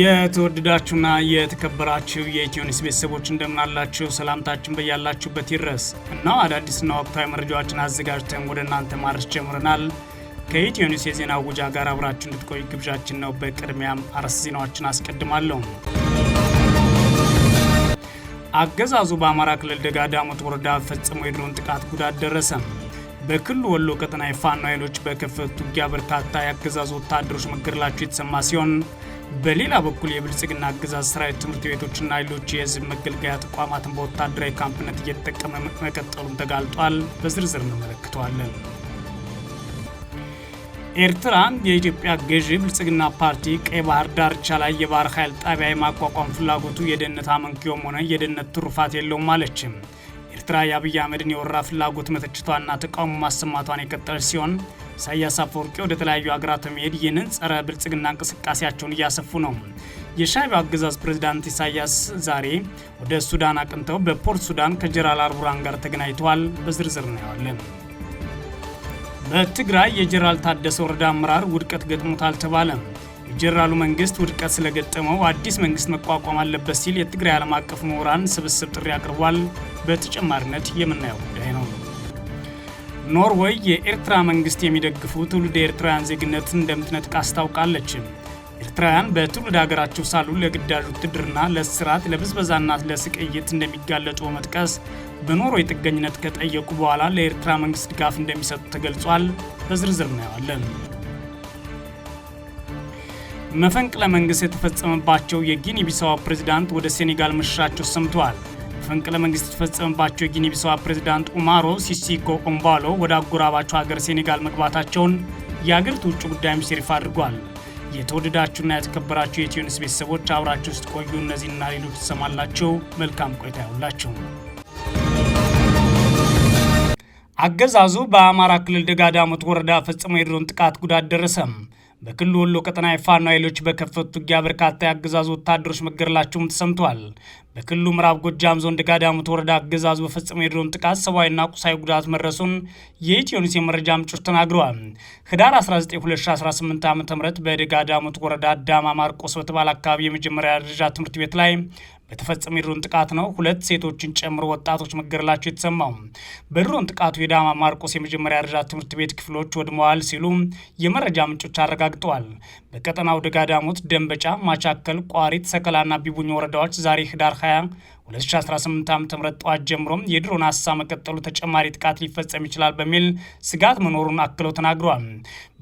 የተወደዳችሁና የተከበራችሁ የኢትዮኒስ ቤተሰቦች እንደምናላችሁ ሰላምታችን በያላችሁበት ይድረስ እና አዳዲስና ወቅታዊ መረጃዎችን አዘጋጅተን ወደ እናንተ ማድረስ ጀምረናል። ከኢትዮኒስ የዜና ውጃ ጋር አብራችሁ እንድትቆዩ ግብዣችን ነው። በቅድሚያም አርዕስተ ዜናዎችን አስቀድማለሁ። አገዛዙ በአማራ ክልል ደጋዳሞት ወረዳ ፈጽሞ የድሮን ጥቃት ጉዳት ደረሰ። በክልሉ ወሎ ቀጠና የፋኖ ኃይሎች በከፈቱት ውጊያ በርካታ የአገዛዙ ወታደሮች መገደላቸው የተሰማ ሲሆን በሌላ በኩል የብልጽግና አገዛዝ ሰራዊት ትምህርት ቤቶችና ሌሎች የህዝብ መገልገያ ተቋማትን በወታደራዊ ካምፕነት እየተጠቀመ መቀጠሉም ተጋልጧል። በዝርዝር እንመለከተዋለን። ኤርትራ የኢትዮጵያ ገዢ ብልጽግና ፓርቲ ቀይ ባህር ዳርቻ ላይ የባህር ኃይል ጣቢያ የማቋቋም ፍላጎቱ የደህንነት አመንኪዮም ሆነ የደህንነት ትሩፋት የለውም አለችም። ኤርትራ የአብይ አህመድን የወራ ፍላጎት መተችቷና ተቃውሞ ማሰማቷን የቀጠለች ሲሆን ኢሳያስ አፈወርቂ ወደ ተለያዩ ሀገራት በመሄድ ይህንን ጸረ ብልጽግና እንቅስቃሴያቸውን እያሰፉ ነው። የሻዕቢያው አገዛዝ ፕሬዝዳንት ኢሳያስ ዛሬ ወደ ሱዳን አቅንተው በፖርት ሱዳን ከጀራል አርቡራን ጋር ተገናኝተዋል። በዝርዝር እናየዋለን። በትግራይ የጀራል ታደሰ ወረዳ አመራር ውድቀት ገጥሞታል ተባለም። ጀራሉ መንግስት ውድቀት ስለገጠመው አዲስ መንግስት መቋቋም አለበት ሲል የትግራይ ዓለም አቀፍ ምሁራን ስብስብ ጥሪ አቅርቧል። በተጨማሪነት የምናየው ጉዳይ ነው። ኖርዌይ የኤርትራ መንግስት የሚደግፉ ትውልድ የኤርትራውያን ዜግነትን እንደምትነጥቅ አስታውቃለችም። ኤርትራውያን በትውልድ ሀገራቸው ሳሉ ለግዳጅ ውትድርና፣ ለስርዓት፣ ለብዝበዛና ለስቅይት እንደሚጋለጡ በመጥቀስ በኖርዌይ ጥገኝነት ከጠየቁ በኋላ ለኤርትራ መንግስት ድጋፍ እንደሚሰጡ ተገልጿል። በዝርዝር እናየዋለን። መፈንቅለ መንግስት የተፈጸመባቸው የጊኒ ቢሳዋ ፕሬዝዳንት ወደ ሴኔጋል መሸሻቸው ሰምተዋል። መፈንቅለ መንግስት የተፈጸመባቸው የጊኒ ቢሳዋ ፕሬዝዳንት ኡማሮ ሲሲኮ ኦምባሎ ወደ አጎራባቸው ሀገር ሴኔጋል መግባታቸውን የአገሪቱ ውጭ ጉዳይ ሚኒስቴር ይፋ አድርጓል። የተወደዳችሁና የተከበራችሁ የኢትዮኒውስ ቤተሰቦች አብራችሁ ውስጥ ቆዩ። እነዚህና ሌሎች ትሰማላችሁ። መልካም ቆይታ ያውላችሁ። አገዛዙ በአማራ ክልል ደጋ ዳሞት ወረዳ ፈጽሞ የድሮን ጥቃት ጉዳት ደረሰም። በክልሉ ወሎ ቀጠና የፋኖ ኃይሎች በከፈቱት ውጊያ በርካታ የአገዛዙ ወታደሮች መገደላቸውም ተሰምቷል። በክልሉ ምዕራብ ጎጃም ዞን ደጋዳሙት ወረዳ አገዛዙ በፈጸመው የድሮን ጥቃት ሰብአዊና ቁሳዊ ጉዳት መድረሱን የኢትዮኒስ የመረጃ ምንጮች ተናግረዋል። ህዳር 19 ዓ ም በደጋዳሙት ወረዳ ዳማ ማርቆስ በተባለ አካባቢ የመጀመሪያ ደረጃ ትምህርት ቤት ላይ በተፈጸመ የድሮን ጥቃት ነው ሁለት ሴቶችን ጨምሮ ወጣቶች መገደላቸው የተሰማው። በድሮን ጥቃቱ የዳማ ማርቆስ የመጀመሪያ ደረጃ ትምህርት ቤት ክፍሎች ወድመዋል ሲሉ የመረጃ ምንጮች አረጋግጠዋል። በቀጠናው ደጋዳሞት ደንበጫ፣ ማቻከል፣ ቋሪት፣ ሰከላና ቢቡኝ ወረዳዎች ዛሬ ህዳር 20 2018 ዓ ም ጠዋት ጀምሮ የድሮን አሳ መቀጠሉ ተጨማሪ ጥቃት ሊፈጸም ይችላል በሚል ስጋት መኖሩን አክለው ተናግረዋል።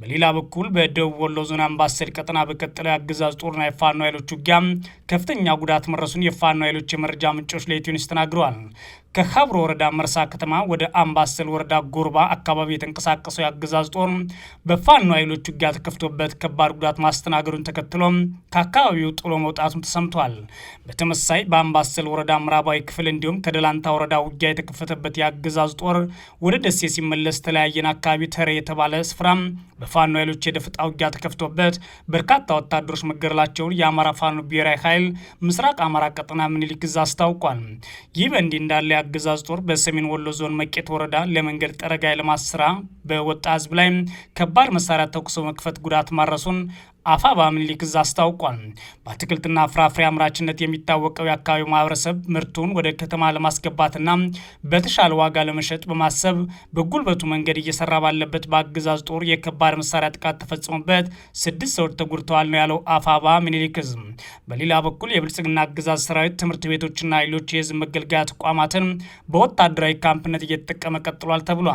በሌላ በኩል በደቡብ ወሎ ዞን አምባሰል ቀጠና በቀጠለው የአገዛዝ ጦርና የፋኖ ኃይሎች ውጊያ ከፍተኛ ጉዳት መረሱን የፋኖ ኃይሎች የመረጃ ምንጮች ለኢትዮ ተናግረዋል። ከሀብሮ ወረዳ መርሳ ከተማ ወደ አምባሰል ወረዳ ጎርባ አካባቢ የተንቀሳቀሰው የአገዛዝ ጦር በፋኖ ኃይሎች ውጊያ ተከፍቶበት ከባድ ጉዳት ማስተናገዱን ተከትሎ ከአካባቢው ጥሎ መውጣቱም ተሰምቷል። በተመሳይ በአምባሰል ወረዳ ምዕራባዊ ክፍል እንዲሁም ከደላንታ ወረዳ ውጊያ የተከፈተበት የአገዛዝ ጦር ወደ ደሴ ሲመለስ ተለያየን አካባቢ ተሬ የተባለ ስፍራ በፋኖ ኃይሎች የደፈጣ ውጊያ ተከፍቶበት በርካታ ወታደሮች መገደላቸውን የአማራ ፋኖ ብሔራዊ ኃይል ምስራቅ አማራ ቀጠና ምኒልክ ዕዝ አስታውቋል። ይህ በእንዲህ እንዳለ የአገዛዝ ጦር በሰሜን ወሎ ዞን መቄት ወረዳ ለመንገድ ጠረጋ ልማት ስራ በወጣ ህዝብ ላይ ከባድ መሳሪያ ተኩሶ መክፈት ጉዳት ማድረሱን አፋባ ምኒልክ ዕዝ አስታውቋል። በአትክልትና ፍራፍሬ አምራችነት የሚታወቀው የአካባቢው ማህበረሰብ ምርቱን ወደ ከተማ ለማስገባትና በተሻለ ዋጋ ለመሸጥ በማሰብ በጉልበቱ መንገድ እየሰራ ባለበት በአገዛዝ ጦር የከባድ መሳሪያ ጥቃት ተፈጽሞበት ስድስት ሰዎች ተጎድተዋል ነው ያለው አፋባ ምኒልክ ዕዝ። በሌላ በኩል የብልጽግና አገዛዝ ሰራዊት ትምህርት ቤቶችና ሌሎች የህዝብ መገልገያ ተቋማትን በወታደራዊ ካምፕነት እየተጠቀመ ቀጥሏል ተብሏል።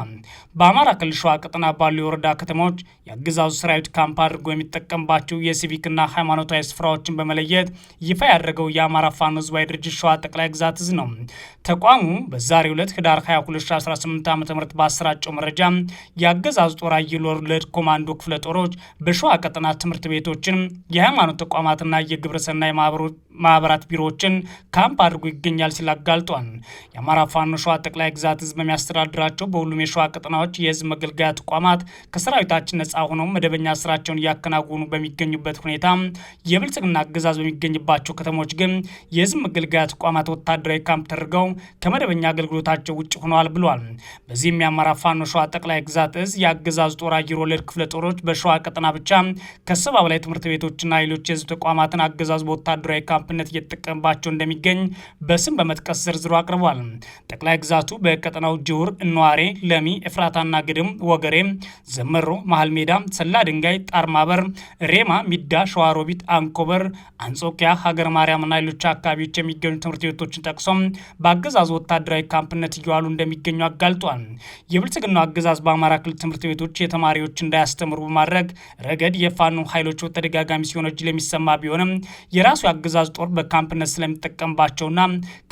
በአማራ ክልል ሸዋ ቀጠና ባሉ የወረዳ ከተሞች የአገዛዙ ሰራዊት ካምፕ አድርጎ የሚጠቀምባ ያለባቸው የሲቪክና ሃይማኖታዊ ስፍራዎችን በመለየት ይፋ ያደረገው የአማራ ፋኖ ህዝባዊ ድርጅት ሸዋ ጠቅላይ ግዛት እዝ ነው። ተቋሙ በዛሬ ሁለት ህዳር 22/2018 ዓ ም መረጃ የአገዛዙ ጦር አየር ወለድ ኮማንዶ ክፍለ ጦሮች በሸዋ ቀጠና ትምህርት ቤቶችን፣ የሃይማኖት ተቋማትና የግብረሰና ማህበራት ቢሮዎችን ካምፕ አድርጎ ይገኛል ሲል አጋልጧል። የአማራ ፋኖ ሸዋ ጠቅላይ ግዛት ህዝብ በሚያስተዳድራቸው በሁሉም የሸዋ ቀጠናዎች የህዝብ መገልገያ ተቋማት ከሰራዊታችን ነጻ ሆነው መደበኛ ስራቸውን እያከናወኑ በሚ በሚገኙበት ሁኔታ የብልጽግና አገዛዝ በሚገኝባቸው ከተሞች ግን የህዝብ መገልገያ ተቋማት ወታደራዊ ካምፕ ተደርገው ከመደበኛ አገልግሎታቸው ውጭ ሆነዋል ብሏል። በዚህም የአማራ ፋኖ ሸዋ ጠቅላይ ግዛት እዝ የአገዛዝ ጦር አየር ወለድ ክፍለ ጦሮች በሸዋ ቀጠና ብቻ ከሰባ በላይ ትምህርት ቤቶችና ሌሎች የህዝብ ተቋማትን አገዛዝ በወታደራዊ ካምፕነት እየተጠቀምባቸው እንደሚገኝ በስም በመጥቀስ ዝርዝሩ አቅርቧል። ጠቅላይ ግዛቱ በቀጠናው ጅውር፣ ኗሬ ለሚ፣ ኤፍራታና ግድም፣ ወገሬ፣ ዘመሮ፣ መሀል ሜዳ፣ ሰላ ድንጋይ፣ ጣርማበር፣ ሬማ፣ ሚዳ፣ ሸዋሮቢት፣ አንኮበር፣ አንጾኪያ፣ ሀገር ማርያምና ሌሎች አካባቢዎች የሚገኙ ትምህርት ቤቶችን ጠቅሶም በአገዛዙ ወታደራዊ ካምፕነት እየዋሉ እንደሚገኙ አጋልጧል። የብልጽግናው አገዛዝ በአማራ ክልል ትምህርት ቤቶች የተማሪዎች እንዳያስተምሩ በማድረግ ረገድ የፋኑ ኃይሎች በተደጋጋሚ ሲወነጅል የሚሰማ ቢሆንም የራሱ የአገዛዝ ጦር በካምፕነት ስለሚጠቀምባቸውና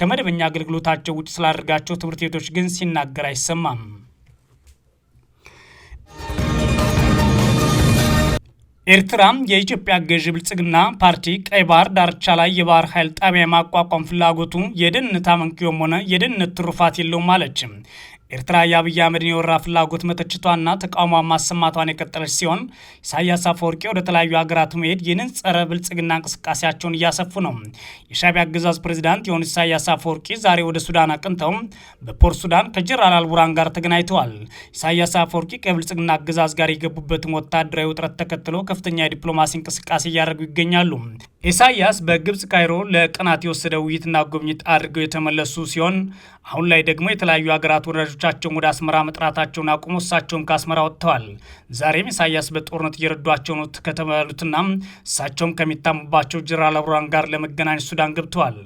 ከመደበኛ አገልግሎታቸው ውጭ ስላደርጋቸው ትምህርት ቤቶች ግን ሲናገር አይሰማም። ኤርትራም የኢትዮጵያ ገዢ ብልጽግና ፓርቲ ቀይ ባህር ዳርቻ ላይ የባህር ኃይል ጣቢያ የማቋቋም ፍላጎቱ የደህንነት አመክንዮም ሆነ የደህንነት ትሩፋት የለውም አለችም። ኤርትራ የአብይ አህመድን የወራ ፍላጎት መተችቷና ተቃውሟን ማሰማቷን የቀጠለች ሲሆን ኢሳያስ አፈወርቂ ወደ ተለያዩ ሀገራት መሄድ ይህንን ጸረ ብልጽግና እንቅስቃሴያቸውን እያሰፉ ነው። የሻቢያ አገዛዝ ፕሬዚዳንት የሆኑ ኢሳያስ አፈወርቂ ዛሬ ወደ ሱዳን አቅንተው በፖርት ሱዳን ከጀራል አልቡራን ጋር ተገናኝተዋል። ኢሳያስ አፈወርቂ ከብልጽግና አገዛዝ ጋር የገቡበትን ወታደራዊ ውጥረት ተከትሎ ከፍተኛ የዲፕሎማሲ እንቅስቃሴ እያደረጉ ይገኛሉ። ኢሳያስ በግብፅ ካይሮ ለቀናት የወሰደ ውይይትና ጉብኝት አድርገው የተመለሱ ሲሆን አሁን ላይ ደግሞ የተለያዩ ሀገራት ወዳጆች ተወካዮቻቸውን ወደ አስመራ መጥራታቸውን አቁሞ እሳቸውም ከአስመራ ወጥተዋል። ዛሬም ኢሳያስ በጦርነት እየረዷቸው ነው ከተባሉትና እሳቸውም ከሚታሙባቸው ጀነራል አብርሃም ጋር ለመገናኘት ሱዳን ገብተዋል።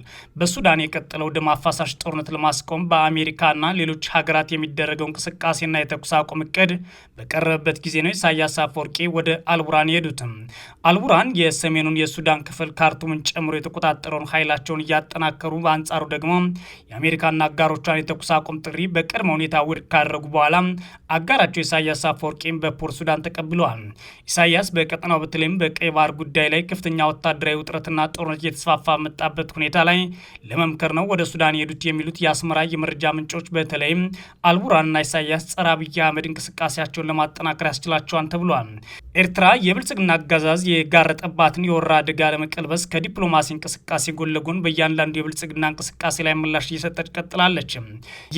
በሱዳን የቀጠለው ደም አፋሳሽ ጦርነት ለማስቆም በአሜሪካና ሌሎች ሀገራት የሚደረገው እንቅስቃሴና የተኩስ አቁም እቅድ በቀረበበት ጊዜ ነው ኢሳያስ አፈወርቂ ወደ አልቡራን የሄዱትም። አልቡራን የሰሜኑን የሱዳን ክፍል ካርቱምን ጨምሮ የተቆጣጠረውን ኃይላቸውን እያጠናከሩ በአንጻሩ ደግሞ የአሜሪካና አጋሮቿን የተኩስ አቁም ጥሪ በቀድሞውን ሁኔታ ውድቅ ካደረጉ በኋላ አጋራቸው ኢሳያስ አፈወርቂም በፖር ሱዳን ተቀብለዋል። ኢሳያስ በቀጠናው በተለይም በቀይ ባህር ጉዳይ ላይ ከፍተኛ ወታደራዊ ውጥረትና ጦርነት እየተስፋፋ መጣበት ሁኔታ ላይ ለመምከር ነው ወደ ሱዳን የሄዱት የሚሉት የአስመራ የመረጃ ምንጮች በተለይም አልቡራንና ኢሳያስ ጸረ አብይ አህመድ እንቅስቃሴያቸውን ለማጠናከር ያስችላቸዋል ተብሏል። ኤርትራ የብልጽግና አገዛዝ የጋረጠባትን የወራ አደጋ ለመቀልበስ ከዲፕሎማሲ እንቅስቃሴ ጎን ለጎን በእያንዳንዱ የብልጽግና እንቅስቃሴ ላይ ምላሽ እየሰጠች ቀጥላለች።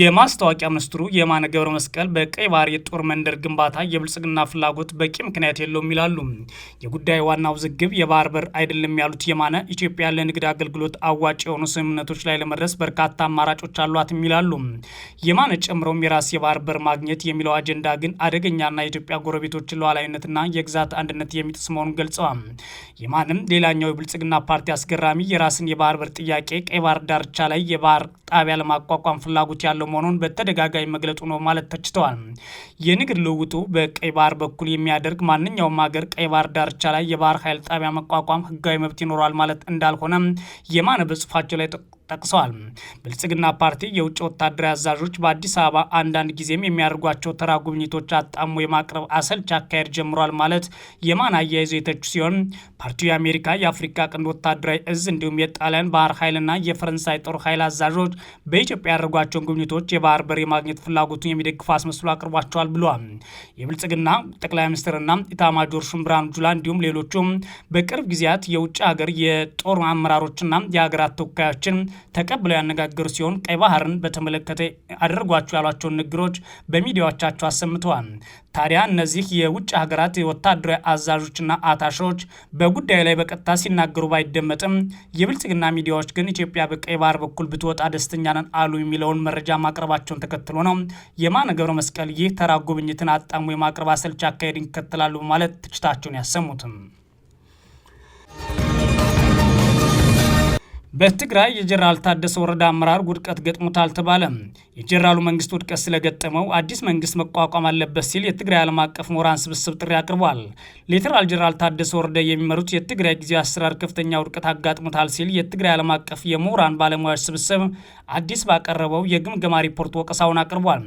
የማስታወቂያ ሚኒስትሩ ሚኒስትሩ የማነ ገብረ መስቀል በቀይ ባህር የጦር መንደር ግንባታ የብልጽግና ፍላጎት በቂ ምክንያት የለውም ይላሉ። የጉዳይ ዋናው ውዝግብ የባህር በር አይደለም ያሉት የማነ ኢትዮጵያ ለንግድ አገልግሎት አዋጭ የሆኑ ስምምነቶች ላይ ለመድረስ በርካታ አማራጮች አሏትም ይላሉ። የማነ ጨምሮም የራስ የባህር በር ማግኘት የሚለው አጀንዳ ግን አደገኛና የኢትዮጵያ ጎረቤቶችን ሉዓላዊነትና የግዛት አንድነት የሚጥስ መሆኑን ገልጸዋል። የማንም ሌላኛው የብልጽግና ፓርቲ አስገራሚ የራስን የባህር በር ጥያቄ ቀይ ባህር ዳርቻ ላይ የባህር ጣቢያ ለማቋቋም ፍላጎት ያለው መሆኑን በተደጋጋሚ ጉዳይ መግለጡ ነው ማለት ተችተዋል። የንግድ ልውውጡ በቀይ ባህር በኩል የሚያደርግ ማንኛውም ሀገር ቀይ ባህር ዳርቻ ላይ የባህር ኃይል ጣቢያ መቋቋም ህጋዊ መብት ይኖረዋል ማለት እንዳልሆነ የማነ በጽሁፋቸው ላይ ጠቅሰዋል። ብልጽግና ፓርቲ የውጭ ወታደራዊ አዛዦች በአዲስ አበባ አንዳንድ ጊዜም የሚያደርጓቸው ተራ ጉብኝቶች አጣሙ የማቅረብ አሰልች አካሄድ ጀምሯል ማለት የማን አያይዞ የተቹ ሲሆን ፓርቲው የአሜሪካ የአፍሪካ ቀንድ ወታደራዊ እዝ እንዲሁም የጣሊያን ባህር ኃይልና የፈረንሳይ ጦር ኃይል አዛዦች በኢትዮጵያ ያደርጓቸውን ጉብኝቶች የባህር በር የማግኘት ፍላጎቱን የሚደግፉ አስመስሎ አቅርቧቸዋል ብሏል። የብልጽግና ጠቅላይ ሚኒስትርና ኢታማጆር ሹም ብርሃኑ ጁላ እንዲሁም ሌሎቹም በቅርብ ጊዜያት የውጭ ሀገር የጦር አመራሮችና የሀገራት ተወካዮችን ተቀብለው ያነጋገሩ ሲሆን ቀይ ባህርን በተመለከተ አድርጓቸው ያሏቸውን ንግሮች በሚዲያዎቻቸው አሰምተዋል። ታዲያ እነዚህ የውጭ ሀገራት ወታደራዊ አዛዦችና አታሾች በጉዳዩ ላይ በቀጥታ ሲናገሩ ባይደመጥም የብልጽግና ሚዲያዎች ግን ኢትዮጵያ በቀይ ባህር በኩል ብትወጣ ደስተኛ ነን አሉ የሚለውን መረጃ ማቅረባቸውን ተከትሎ ነው የማነ ገብረ መስቀል ይህ ተራ ጉብኝትን አጣሙ የማቅረብ አሰልች አካሄድን ይከተላሉ በማለት ትችታቸውን ያሰሙትም በትግራይ የጀነራል ታደሰ ወረዳ አመራር ውድቀት ገጥሞታል ተባለ። የጀነራሉ መንግስት ውድቀት ስለገጠመው አዲስ መንግስት መቋቋም አለበት ሲል የትግራይ ዓለም አቀፍ ምሁራን ስብስብ ጥሪ አቅርቧል። ሌተናል ጀነራል ታደሰ ወረዳ የሚመሩት የትግራይ ጊዜያዊ አስተዳደር ከፍተኛ ውድቀት አጋጥሞታል ሲል የትግራይ ዓለም አቀፍ የምሁራን ባለሙያዎች ስብስብ አዲስ ባቀረበው የግምገማ ሪፖርት ወቀሳውን አቅርቧል።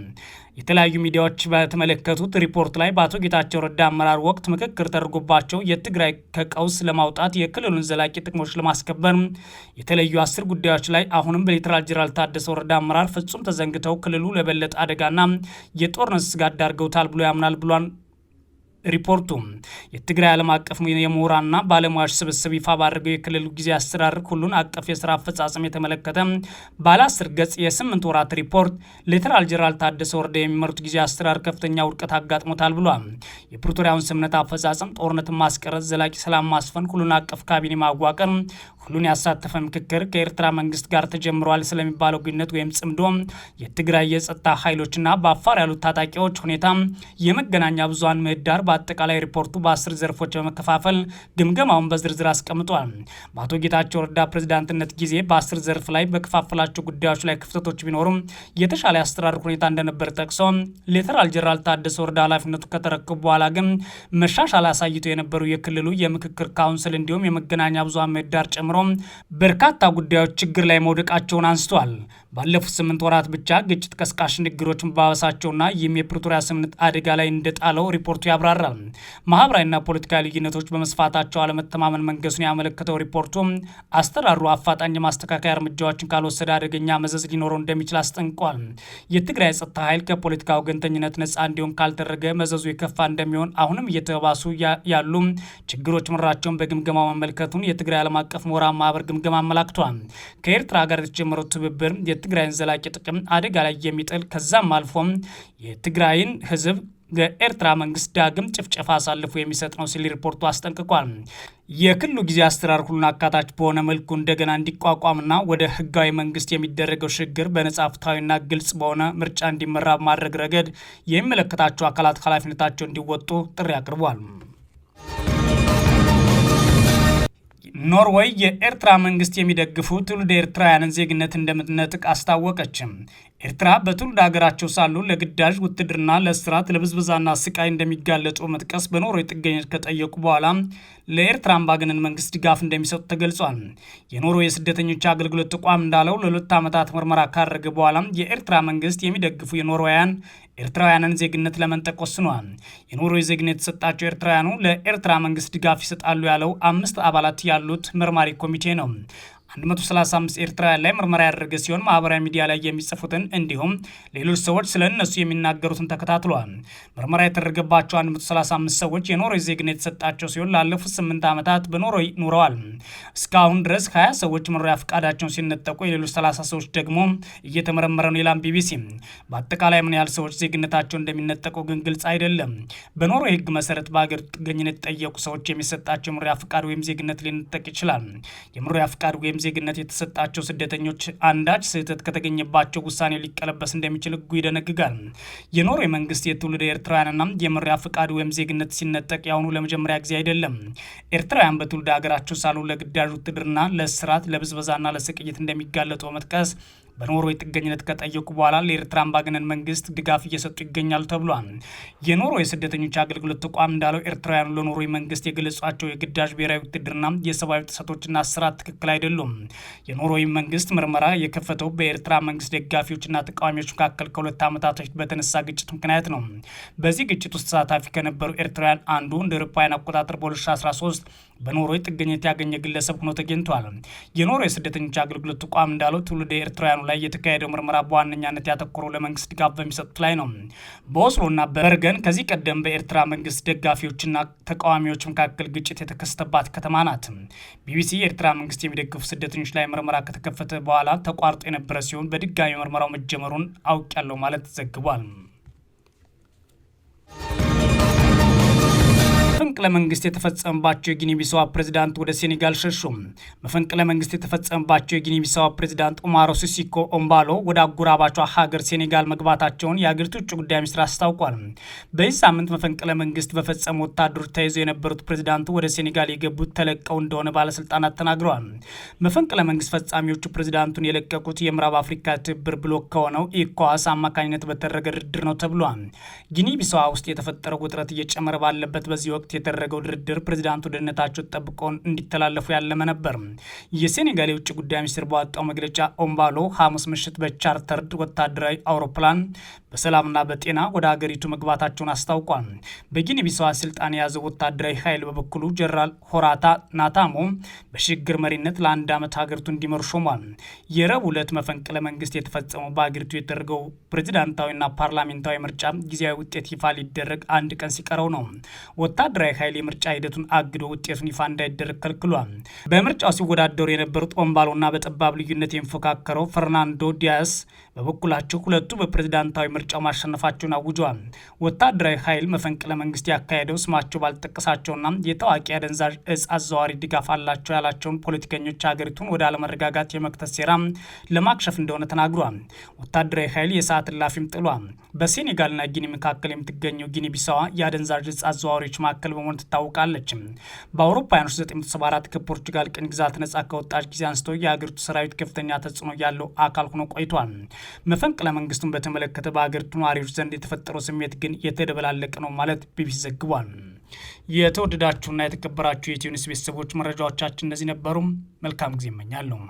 የተለያዩ ሚዲያዎች በተመለከቱት ሪፖርት ላይ በአቶ ጌታቸው ረዳ አመራር ወቅት ምክክር ተደርጎባቸው የትግራይ ከቀውስ ለማውጣት የክልሉን ዘላቂ ጥቅሞች ለማስከበር የተለዩ አስር ጉዳዮች ላይ አሁንም በሌተናል ጄኔራል ታደሰ ወረደ አመራር ፍጹም ተዘንግተው ክልሉ ለበለጠ አደጋና የጦርነት ስጋት ዳርገውታል ብሎ ያምናል ብሏል ሪፖርቱ የትግራይ ዓለም አቀፍ የምሁራንና ባለሙያዎች ስብስብ ይፋ ባደረገው የክልሉ ጊዜ አስተዳደር ሁሉን አቀፍ የስራ አፈጻጸም የተመለከተ ባለ አስር ገጽ የስምንት ወራት ሪፖርት ሌተናል ጀነራል ታደሰ ወረደ የሚመሩት ጊዜ አስተዳደር ከፍተኛ ውድቀት አጋጥሞታል ብሏል። የፕሪቶሪያውን ስምምነት አፈጻጸም፣ ጦርነትን ማስቀረት፣ ዘላቂ ሰላም ማስፈን፣ ሁሉን አቀፍ ካቢኔ ማዋቀር ሁሉን ያሳተፈ ምክክር ከኤርትራ መንግስት ጋር ተጀምሯል ስለሚባለው ግንኙነት ወይም ጽምዶ የትግራይ የጸጥታ ኃይሎችና በአፋር ያሉት ታጣቂዎች ሁኔታ የመገናኛ ብዙሀን ምህዳር በአጠቃላይ ሪፖርቱ በአስር ዘርፎች በመከፋፈል ግምገማውን በዝርዝር አስቀምጧል። በአቶ ጌታቸው ረዳ ፕሬዚዳንትነት ጊዜ በአስር ዘርፍ ላይ በከፋፈላቸው ጉዳዮች ላይ ክፍተቶች ቢኖሩም የተሻለ አስተራር ሁኔታ እንደነበር ጠቅሰው ሌተራል ጀነራል ታደሰ ወረዳ ኃላፊነቱ ከተረከቡ በኋላ ግን መሻሻል አሳይቶ የነበሩ የክልሉ የምክክር ካውንስል እንዲሁም የመገናኛ ብዙሀን ምህዳር ጨምሮ ጨምሮ በርካታ ጉዳዮች ችግር ላይ መውደቃቸውን አንስቷል። ባለፉት ስምንት ወራት ብቻ ግጭት ቀስቃሽ ንግግሮች መባባሳቸውና ይህም የፕሪቶሪያ ስምምነት አደጋ ላይ እንደጣለው ሪፖርቱ ያብራራል። ማህበራዊና ፖለቲካዊ ልዩነቶች በመስፋታቸው አለመተማመን መንገሱን ያመለከተው ሪፖርቱ አስተራሩ አፋጣኝ የማስተካከያ እርምጃዎችን ካልወሰደ አደገኛ መዘዝ ሊኖረው እንደሚችል አስጠንቋል። የትግራይ ጸጥታ ኃይል ከፖለቲካ ወገንተኝነት ነጻ እንዲሆን ካልተደረገ መዘዙ የከፋ እንደሚሆን አሁንም እየተባሱ ያሉ ችግሮች ምራቸውን በግምገማ መመልከቱን የትግራይ ዓለም አቀፍ ምሁራን ማህበር ግምገማ አመላክቷል። ከኤርትራ ጋር የተጀመረው ትብብር የትግራይን ዘላቂ ጥቅም አደጋ ላይ የሚጥል ከዛም አልፎም የትግራይን ህዝብ ለኤርትራ መንግስት ዳግም ጭፍጨፋ አሳልፎ የሚሰጥ ነው ሲል ሪፖርቱ አስጠንቅቋል። የክልሉ ጊዜ አስተራር ሁሉን አካታች በሆነ መልኩ እንደገና እንዲቋቋምና ወደ ህጋዊ መንግስት የሚደረገው ሽግግር በነጻ ፍትሐዊና ግልጽ በሆነ ምርጫ እንዲመራ ማድረግ ረገድ የሚመለከታቸው አካላት ኃላፊነታቸው እንዲወጡ ጥሪ አቅርቧል። ኖርዌይ የኤርትራ መንግስት የሚደግፉ ትውልድ ኤርትራውያንን ዜግነት እንደምትነጥቅ አስታወቀችም። ኤርትራ በትውልድ ሀገራቸው ሳሉ ለግዳጅ ውትድርና፣ ለእስራት፣ ለብዝበዛና ስቃይ እንደሚጋለጡ መጥቀስ በኖሮ ጥገኝነት ከጠየቁ በኋላ ለኤርትራ አምባገነን መንግስት ድጋፍ እንደሚሰጡ ተገልጿል። የኖሮ የስደተኞች አገልግሎት ተቋም እንዳለው ለሁለት ዓመታት ምርመራ ካደረገ በኋላ የኤርትራ መንግስት የሚደግፉ የኖርዌያን ኤርትራውያንን ዜግነት ለመንጠቅ ወስኗል። የኖሮ ዜግነት የተሰጣቸው ኤርትራውያኑ ለኤርትራ መንግስት ድጋፍ ይሰጣሉ ያለው አምስት አባላት ያሉት መርማሪ ኮሚቴ ነው። 135 ኤርትራውያን ላይ ምርመራ ያደረገ ሲሆን ማህበራዊ ሚዲያ ላይ የሚጽፉትን እንዲሁም ሌሎች ሰዎች ስለ እነሱ የሚናገሩትን ተከታትሏል። ምርመራ የተደረገባቸው 135 ሰዎች የኖርዌይ ዜግነት የተሰጣቸው ሲሆን ላለፉት 8 ዓመታት በኖርዌይ ኑረዋል። እስካሁን ድረስ 20 ሰዎች መኖሪያ ፈቃዳቸውን ሲነጠቁ፣ የሌሎች 30 ሰዎች ደግሞ እየተመረመረ ነው ይላል ቢቢሲ። በአጠቃላይ ምን ያህል ሰዎች ዜግነታቸው እንደሚነጠቁ ግን ግልጽ አይደለም። በኖርዌይ ህግ መሰረት በሀገር ጥገኝነት የጠየቁ ሰዎች የሚሰጣቸው የመኖሪያ ፈቃድ ወይም ዜግነት ሊነጠቅ ይችላል። የመኖሪያ ፈቃድ ወይም ዜግነት የተሰጣቸው ስደተኞች አንዳች ስህተት ከተገኘባቸው ውሳኔ ሊቀለበስ እንደሚችል ህጉ ይደነግጋል። የኖርዌይ መንግስት የትውልደ ኤርትራውያንና የመኖሪያ ፍቃድ ወይም ዜግነት ሲነጠቅ ያሁኑ ለመጀመሪያ ጊዜ አይደለም። ኤርትራውያን በትውልደ ሀገራቸው ሳሉ ለግዳጅ ውትድርና፣ ለስርዓት፣ ለብዝበዛና ለስቅይት እንደሚጋለጡ በመጥቀስ በኖርዌይ ጥገኝነት ከጠየቁ በኋላ ለኤርትራ አምባገነን መንግስት ድጋፍ እየሰጡ ይገኛሉ ተብሏል። የኖርዌይ ስደተኞች አገልግሎት ተቋም እንዳለው ኤርትራውያኑ ለኖርዌይ መንግስት የገለጿቸው የግዳጅ ብሔራዊ ውትድርና፣ የሰብአዊ ጥሰቶችና ስራት ትክክል አይደሉም። የኖርዌይ መንግስት ምርመራ የከፈተው በኤርትራ መንግስት ደጋፊዎችና ተቃዋሚዎች መካከል ከሁለት ዓመታቶች በተነሳ ግጭት ምክንያት ነው። በዚህ ግጭት ውስጥ ተሳታፊ ከነበሩ ኤርትራውያን አንዱ እንደ አውሮፓውያን አቆጣጠር በ2013 በኖርዌይ ጥገኝነት ያገኘ ግለሰብ ሆኖ ተገኝቷል። የኖርዌይ ስደተኞች አገልግሎት ተቋም እንዳለው ትውልደ ኤርትራውያኑ ላይ የተካሄደው ምርመራ በዋነኛነት ያተኮረው ለመንግስት ድጋፍ በሚሰጡት ላይ ነው። በኦስሎና በበርገን ከዚህ ቀደም በኤርትራ መንግስት ደጋፊዎችና ተቃዋሚዎች መካከል ግጭት የተከሰተባት ከተማ ናት። ቢቢሲ የኤርትራ መንግስት የሚደግፉ ስደተኞች ላይ ምርመራ ከተከፈተ በኋላ ተቋርጦ የነበረ ሲሆን በድጋሚ ምርመራው መጀመሩን አውቅ ያለው ማለት ዘግቧል። መፈንቅለ መንግስት የተፈጸመባቸው የጊኒ ቢሳዋ ፕሬዚዳንት ወደ ሴኔጋል ሸሹ። መፈንቅለ መንግስት የተፈጸመባቸው የጊኒ ቢሳዋ ፕሬዚዳንት ኦማሮ ሲሲኮ ኦምባሎ ወደ አጎራባቿ ሀገር ሴኔጋል መግባታቸውን የአገሪቱ ውጭ ጉዳይ ሚኒስትር አስታውቋል። በዚህ ሳምንት መፈንቅለ መንግስት በፈጸሙ ወታደሮች ተይዘው የነበሩት ፕሬዚዳንቱ ወደ ሴኔጋል የገቡት ተለቀው እንደሆነ ባለስልጣናት ተናግረዋል። መፈንቅለ መንግስት ፈጻሚዎቹ ፕሬዚዳንቱን የለቀቁት የምዕራብ አፍሪካ ትብብር ብሎክ ከሆነው ኢኮዋስ አማካኝነት በተደረገ ድርድር ነው ተብሏል። ጊኒ ቢሳዋ ውስጥ የተፈጠረው ውጥረት እየጨመረ ባለበት በዚህ ወቅት የተደረገው ድርድር ፕሬዚዳንቱ ደህንነታቸው ተጠብቆ እንዲተላለፉ ያለመ ነበር። የሴኔጋል የውጭ ጉዳይ ሚኒስትር በወጣው መግለጫ ኦምባሎ ሐሙስ ምሽት በቻርተርድ ወታደራዊ አውሮፕላን በሰላምና በጤና ወደ ሀገሪቱ መግባታቸውን አስታውቋል። በጊኒ ቢሳዋ ስልጣን የያዘው ወታደራዊ ኃይል በበኩሉ ጀነራል ሆራታ ናታሞ በሽግግር መሪነት ለአንድ ዓመት ሀገሪቱ እንዲመሩ ሾሟል። የረቡዕ ዕለት መፈንቅለ መንግስት የተፈጸመው በሀገሪቱ የተደረገው ፕሬዚዳንታዊና ፓርላሜንታዊ ምርጫ ጊዜያዊ ውጤት ይፋ ሊደረግ አንድ ቀን ሲቀረው ነው። ወታደራዊ የትግራይ ኃይል የምርጫ ሂደቱን አግዶ ውጤቱን ይፋ እንዳይደረግ ከልክሏል። በምርጫው ሲወዳደሩ የነበሩት ኦምባሎና በጠባብ ልዩነት የሚፎካከረው ፈርናንዶ ዲያስ በበኩላቸው ሁለቱ በፕሬዝዳንታዊ ምርጫው ማሸነፋቸውን አውጀዋል። ወታደራዊ ኃይል መፈንቅለ መንግስት ያካሄደው ስማቸው ባልጠቀሳቸውና የታዋቂ አደንዛዥ እጽ አዘዋዋሪ ድጋፍ አላቸው ያላቸውን ፖለቲከኞች ሀገሪቱን ወደ አለመረጋጋት የመክተት ሴራ ለማክሸፍ እንደሆነ ተናግሯል። ወታደራዊ ኃይል የሰዓት እላፊም ጥሏል። በሴኔጋልና ጊኒ መካከል የምትገኘው ጊኒ ቢሳዋ የአደንዛዥ እጽ አዘዋዋሪዎች መካከል በመሆን ትታወቃለች። በአውሮፓውያኑ 1974 ከፖርቹጋል ቅኝ ግዛት ነጻ ከወጣች ጊዜ አንስቶ የሀገሪቱ ሰራዊት ከፍተኛ ተጽዕኖ ያለው አካል ሆኖ ቆይቷል። መፈንቅለ መንግስቱን በተመለከተ በሀገሪቱ ነዋሪዎች ዘንድ የተፈጠረው ስሜት ግን የተደበላለቀ ነው ማለት ቢቢሲ ዘግቧል። የተወደዳችሁና የተከበራችሁ የኢትዮ ኒውስ ቤተሰቦች መረጃዎቻችን እነዚህ ነበሩም። መልካም ጊዜ እመኛለሁ።